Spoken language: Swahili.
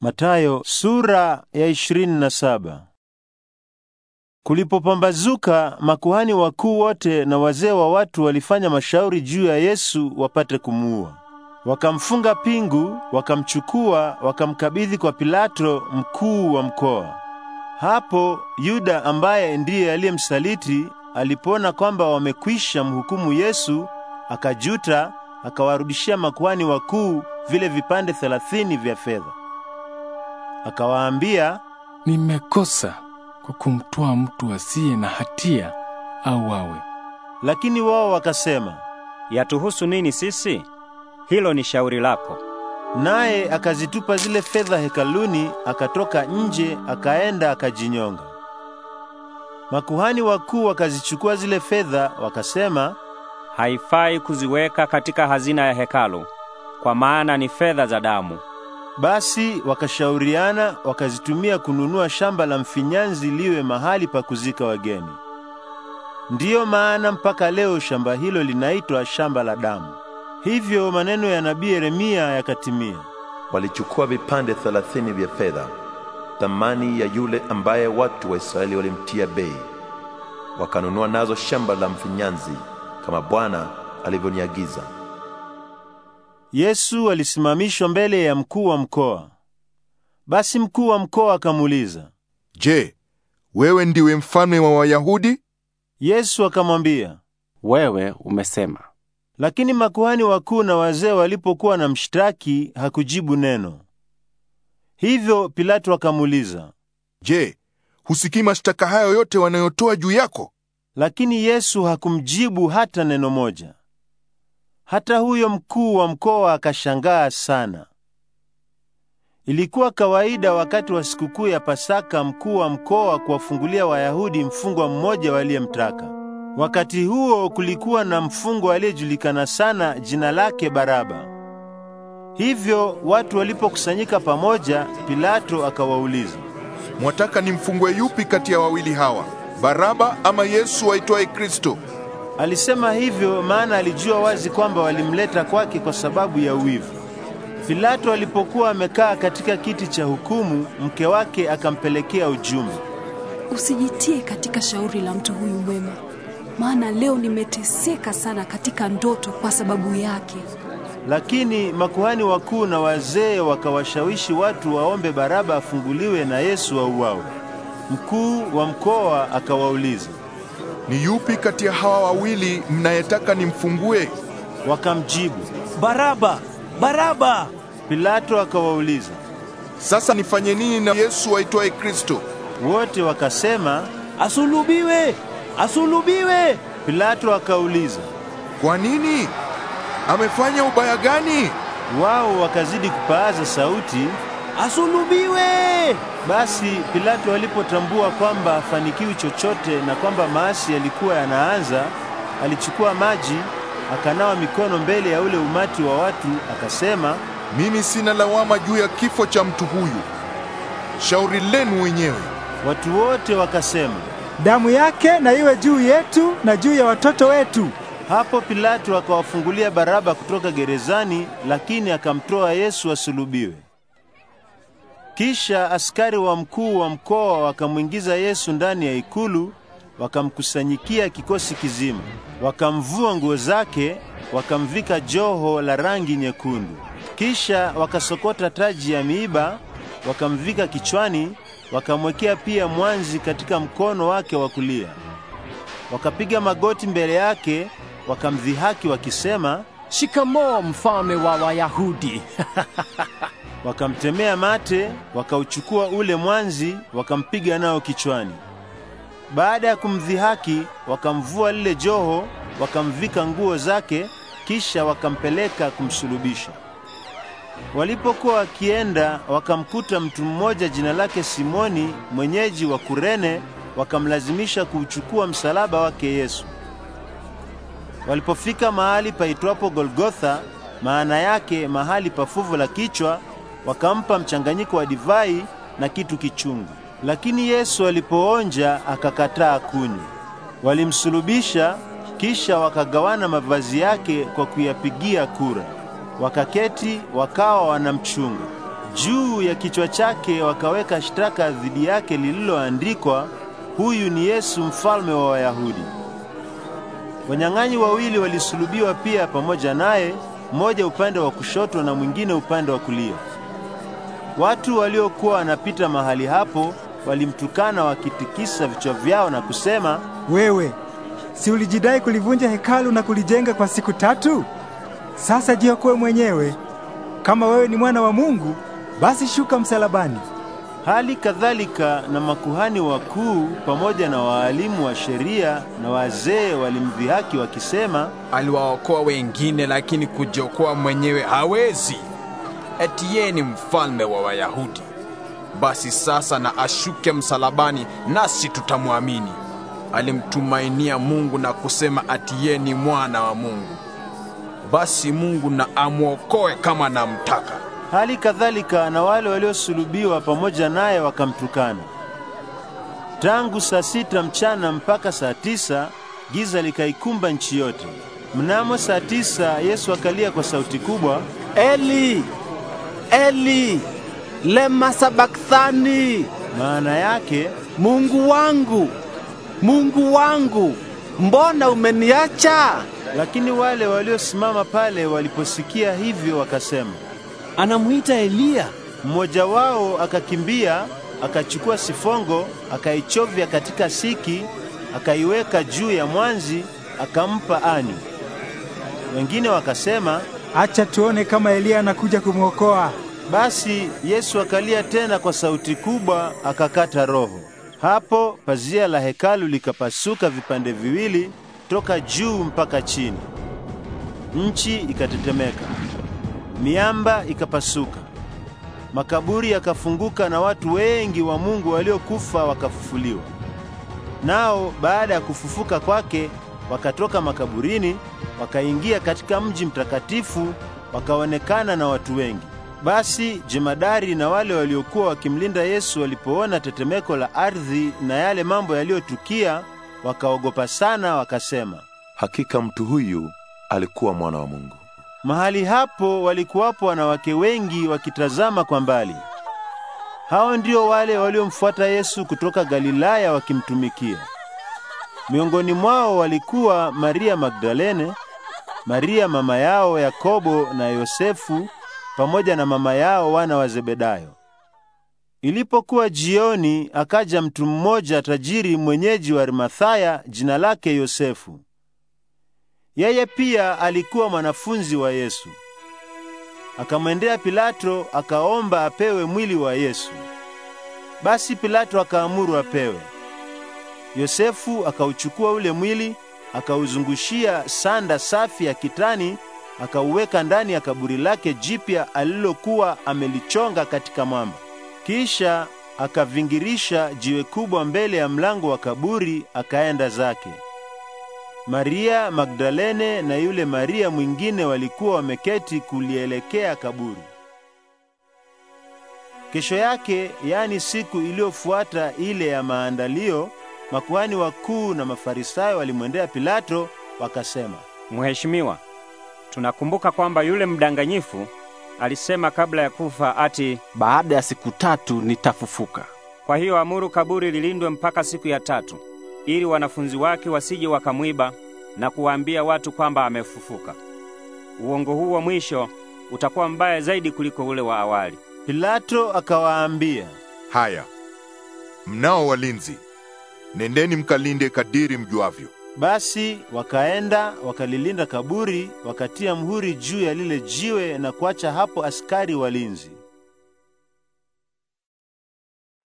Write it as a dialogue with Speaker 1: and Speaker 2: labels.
Speaker 1: Matayo sura ya 27. Kulipopambazuka, makuhani wakuu wote na wazee wa watu walifanya mashauri juu ya Yesu wapate kumuua. Wakamfunga pingu, wakamchukua, wakamkabidhi kwa Pilato mkuu wa mkoa. Hapo Yuda ambaye ndiye aliyemsaliti alipoona kwamba wamekwisha mhukumu Yesu, akajuta, akawarudishia makuhani wakuu vile vipande thelathini vya fedha akawaambia, nimekosa kwa kumtoa mtu asiye na hatia au wawe. Lakini wao wakasema, yatuhusu nini sisi? Hilo ni shauri lako. Naye akazitupa zile fedha hekaluni, akatoka nje, akaenda akajinyonga. Makuhani wakuu wakazichukua zile fedha, wakasema, haifai kuziweka katika hazina ya hekalu, kwa maana ni fedha za damu. Basi wakashauriana wakazitumia kununua shamba la mfinyanzi liwe mahali pa kuzika wageni. Ndiyo maana mpaka leo shamba hilo linaitwa shamba la damu. Hivyo maneno ya nabii Yeremia yakatimia. Walichukua vipande thelathini vya fedha, thamani ya yule ambaye watu wa Israeli walimtia bei, wakanunua nazo shamba la mfinyanzi kama Bwana alivyoniagiza. Yesu alisimamishwa mbele ya mkuu wa mkoa. Basi mkuu wa mkoa akamuuliza, Je, wewe ndiwe mfalme wa Wayahudi? Yesu akamwambia, wewe umesema. Lakini makuhani wakuu na wazee walipokuwa na mshtaki, hakujibu neno. Hivyo Pilato akamuuliza, Je, husikii mashtaka hayo yote wanayotoa juu yako? Lakini Yesu hakumjibu hata neno moja. Hata huyo mkuu wa mkoa akashangaa sana. Ilikuwa kawaida wakati wa sikukuu ya Pasaka mkuu wa mkoa kuwafungulia Wayahudi mfungwa mmoja waliyemtaka. Wakati huo kulikuwa na mfungwa aliyejulikana sana, jina lake Baraba. Hivyo watu walipokusanyika pamoja, Pilato akawauliza, mwataka nimfungwe yupi kati ya wawili hawa, Baraba ama Yesu aitwaye Kristo? Alisema hivyo maana alijua wazi kwamba walimleta kwake kwa sababu ya wivu. Filato alipokuwa amekaa katika kiti cha hukumu, mke wake akampelekea ujumbe. Usijitie katika shauri la mtu huyu mwema, maana leo nimeteseka sana katika ndoto kwa sababu yake. Lakini makuhani wakuu na wazee wakawashawishi watu waombe Baraba afunguliwe na Yesu auawe. Mkuu wa mkoa akawauliza ni yupi kati ya hawa wawili mnayetaka nimfungue? Wakamjibu, Baraba, Baraba. Pilato akawauliza, sasa nifanye nini na Yesu aitwaye Kristo? Wote wakasema, asulubiwe, asulubiwe. Pilato akauliza, kwa nini? Amefanya ubaya gani? Wao wakazidi kupaaza sauti asulubiwe. Basi Pilato alipotambua kwamba afanikiwi chochote na kwamba maasi yalikuwa yanaanza, alichukua maji akanawa mikono mbele ya ule umati wa watu, akasema, mimi sina lawama juu ya kifo cha mtu huyu, shauri lenu wenyewe. Watu wote wakasema, damu yake na iwe juu yetu na juu ya watoto wetu. Hapo Pilato akawafungulia Baraba kutoka gerezani, lakini akamtoa Yesu asulubiwe. Kisha askari wa mkuu wa mkoa wakamwingiza Yesu ndani ya ikulu, wakamkusanyikia kikosi kizima, wakamvua nguo zake, wakamvika joho la rangi nyekundu. Kisha wakasokota taji ya miiba, wakamvika kichwani, wakamwekea pia mwanzi katika mkono wake wa kulia. Wakapiga magoti mbele yake, wakamdhihaki wakisema, Shikamoo mfalme wa Wayahudi. wakamtemea mate, wakauchukua ule mwanzi, wakampiga nao kichwani. Baada ya kumdhihaki, wakamvua lile joho, wakamvika nguo zake, kisha wakampeleka kumsulubisha. Walipokuwa wakienda, wakamkuta mtu mmoja jina lake Simoni, mwenyeji wa Kurene, wakamlazimisha kuuchukua msalaba wake Yesu. Walipofika mahali paitwapo Golgotha, maana yake mahali pa fuvu la kichwa, wakampa mchanganyiko wa divai na kitu kichungu. Lakini Yesu alipoonja akakataa kunywa. Walimsulubisha, kisha wakagawana mavazi yake kwa kuyapigia kura. Wakaketi wakawa wanamchunga. Juu ya kichwa chake wakaweka shtaka dhidi yake lililoandikwa, huyu ni Yesu mfalme wa Wayahudi. Wanyang'anyi wawili walisulubiwa pia pamoja naye, mmoja upande wa kushoto na mwingine upande wa kulia. Watu waliokuwa wanapita mahali hapo walimtukana wakitikisa vichwa vyao na kusema, wewe si ulijidai kulivunja hekalu na kulijenga kwa siku tatu? Sasa jiokoe mwenyewe. Kama wewe ni mwana wa Mungu, basi shuka msalabani. Hali kadhalika na makuhani wakuu pamoja na waalimu wa sheria na wazee walimdhihaki wakisema, aliwaokoa wengine, lakini kujiokoa mwenyewe hawezi eti yeye ni mfalme wa Wayahudi. Basi sasa na ashuke msalabani, nasi tutamwamini. Alimtumainia Mungu na kusema ati yeye ni mwana wa Mungu. Basi Mungu na amwokoe kama namtaka. Hali kadhalika na wale waliosulubiwa pamoja naye wakamtukana. Tangu saa sita mchana mpaka saa tisa giza likaikumba nchi yote. Mnamo saa tisa Yesu akalia kwa sauti kubwa, Eli, Eli lema sabakthani, maana yake Mungu wangu, Mungu wangu, mbona umeniacha? Lakini wale waliosimama pale waliposikia hivyo wakasema, anamwita Eliya. Mmoja wao akakimbia akachukua sifongo akaichovya katika siki akaiweka juu ya mwanzi akampa ani. Wengine wakasema acha tuone kama Eliya anakuja kumwokoa. Basi Yesu akalia tena kwa sauti kubwa, akakata roho. Hapo pazia la hekalu likapasuka vipande viwili toka juu mpaka chini. Nchi ikatetemeka, miamba ikapasuka, makaburi yakafunguka, na watu wengi wa Mungu waliokufa wakafufuliwa. Nao baada ya kufufuka kwake wakatoka makaburini, wakaingia katika mji mtakatifu, wakaonekana na watu wengi. Basi jemadari na wale waliokuwa wakimlinda Yesu walipoona tetemeko la ardhi na yale mambo yaliyotukia, wakaogopa sana, wakasema, hakika mtu huyu alikuwa mwana wa Mungu. Mahali hapo walikuwapo wanawake wengi wakitazama kwa mbali. Hao ndio wale waliomfuata Yesu kutoka Galilaya wakimtumikia. Miongoni mwao walikuwa Maria Magdalene, Maria mama yao Yakobo na Yosefu pamoja na mama yao wana wa Zebedayo. Ilipokuwa jioni, akaja mtu mmoja tajiri mwenyeji wa Arimathaya, jina lake Yosefu. Yeye pia alikuwa mwanafunzi wa Yesu. Akamwendea Pilato akaomba apewe mwili wa Yesu. Basi Pilato akaamuru apewe. Yosefu akauchukua ule mwili, akauzungushia sanda safi ya kitani, akauweka ndani ya kaburi lake jipya alilokuwa amelichonga katika mwamba. Kisha akavingirisha jiwe kubwa mbele ya mlango wa kaburi, akaenda zake. Maria Magdalene na yule Maria mwingine walikuwa wameketi kulielekea kaburi. Kesho yake, yaani siku iliyofuata ile ya maandalio, makuhani wakuu na Mafarisayo walimwendea Pilato wakasema, Mheshimiwa, tunakumbuka kwamba yule mdanganyifu alisema kabla ya kufa ati, baada ya siku tatu nitafufuka. Kwa hiyo amuru kaburi lilindwe mpaka siku ya tatu, ili wanafunzi wake wasije wakamwiba na kuwaambia watu kwamba amefufuka. Uongo huu wa mwisho utakuwa mbaya zaidi kuliko ule wa awali. Pilato akawaambia, haya, mnao walinzi nendeni mkalinde kadiri mjuavyo. Basi wakaenda wakalilinda kaburi, wakatia mhuri juu ya lile jiwe na kuacha hapo askari walinzi.